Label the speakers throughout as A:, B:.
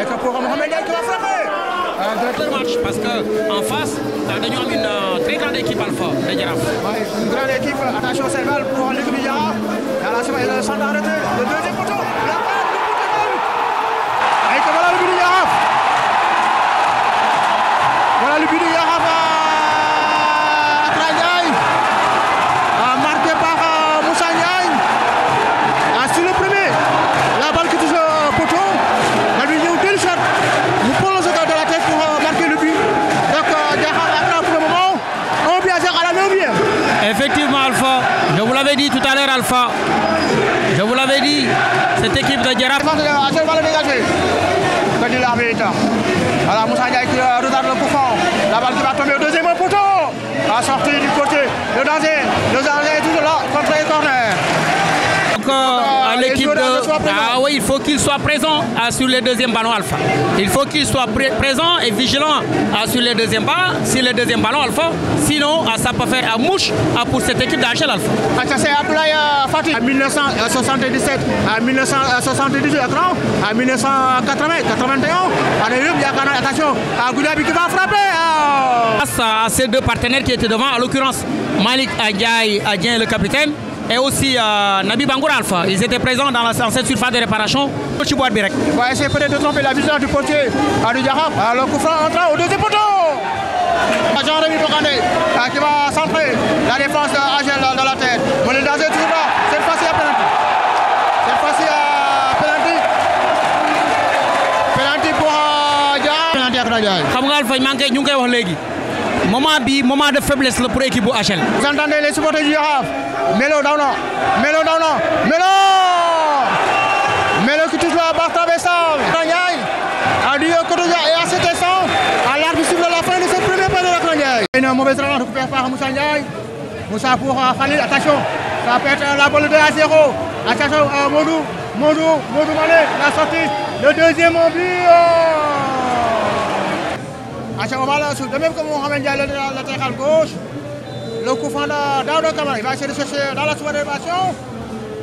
A: et que pour Mohamed Ndiaye qui va frapper bon match parce que en face dañu am une très grande équipe à de Jaraaf. oui une grande équipe attention mal pour l'équipe du Et là, la semence centre arrêté le deuxième poteau. l'avais dit tout à l'heure, Alpha. Je vous l'avais dit, cette équipe de Gérard. Alors Moussa Ndiaye qui euh, regarde le bouffon. La balle qui va tomber au deuxième poteau. La sortie du côté. Le danger. Le danger est toujours là. Contre Ah oui, il faut qu'il soit présent ah, sur le deuxième ballon alpha. Il faut qu'il soit présent et vigilant ah, sur le deuxième ballon, sur le deuxième ballon alpha. Sinon, ah, ça peut faire à mouche pour cette équipe d'Achel Alpha. C'est Abdoulaye euh, Fatih En 1977, à 1978, à 1980, a Attention, Goudabi qui va frapper. Face à ces deux partenaires qui étaient devant, en l'occurrence Malik Agaï et le capitaine, et aussi euh, Nabi Bangour Alpha. Ils étaient présents dans, la, cette surface de réparation. Tu bois direct. Va essayer peut-être de tromper la vision du portier. à Diarab. Alors Koufran entra au deuxième poteau. Jean-Rémi Bocandé euh, qui va centrer la défense d'Agel dans la tête. On est dans un tour là. Cette fois à penalty. Cette fois-ci à penalty. Penalty pour euh, Diarab. Penalty à Knaïdaï. Xam nga Alpha ñu ngi koy wax Légui. moment bi moment de faiblesse la pour équipe bu HL. vous les supporters du Melo daw Melo daw Melo Melo qui touche la barre transversale. Lakra Ndiaye a dit et à cet à l'arbitre siffle la fin de cette première période Lakra Ndiaye. une mauvaise relance récupérée par Moussa Ndiaye Moussa pour euh, Khalil attention ça peut être la balle de 2 à 0 attention euh, Modou Modou la sortie le deuxième but. Oh! À ce moment-là, de même que Mohamed Diallo la latéral gauche, le coup fond d'Audo Kamara, il va essayer de chercher dans la sous d'élévation.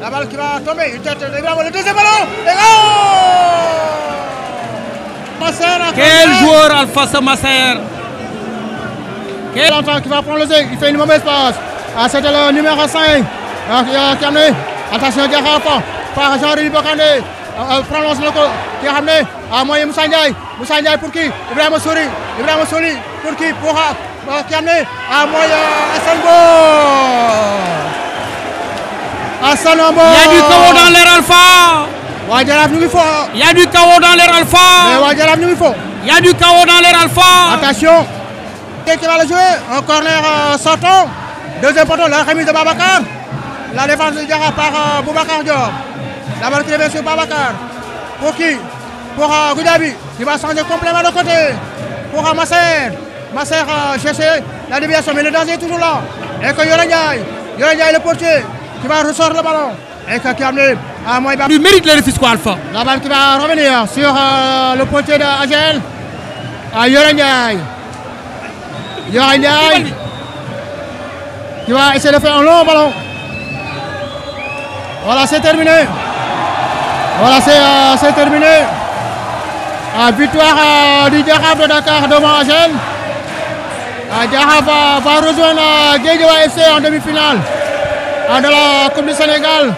A: La balle qui va tomber, une tête, de évidemment, le deuxième ballon, et oh Quel joueur Alpha Masser Quel entend qui va prendre le zé, il fait une mauvaise passe. Ah, C'était le numéro 5, euh, qui a Attention, Garapa, par Jean-Louis Bocandé. Euh, euh, Franck Lons na qui a amené xam ah, moi? Moussa Ndiaye Moussa Ndiaye pour qui Ibrahim Souri Ibrahima Moussouri pour qui pour a amené à mooy euh, Assane Mbow. Assane Il y a du chaos dans l'air Alpha. waa Jaraaf Il faut. y a du chaos dans l'air Alpha. mais waa Jaraaf il faut. Il y a du chaos dans l'air Alpha. attention. qui va le jouer un corner sortant deuxième poteau la remise de Babacar la défense de Jaraaf par Boubacar Diop. La qui est sur Babacar. Pour qui Pour uh, Goudabi. Il va changer complètement de côté. Pour uh, Masser. Masser uh, la déviation, mais le danger est toujours là. Et que Yorengay. Yorengay le portier qui va ressortir le ballon. Et que qui a amené à Moïba. Il mérite le refus quoi, Alpha La balle qui va revenir sur euh, le portier d'Agel. À Yorangay. Yorengay. Qui va essayer de faire un long ballon. Voilà, c'est terminé. Voilà, c'est euh, terminé. La euh, victoire euh, du Diarab de Dakar devant Angèle. Le va, va, rejoindre Guédio FC en demi-finale de la Coupe du Sénégal.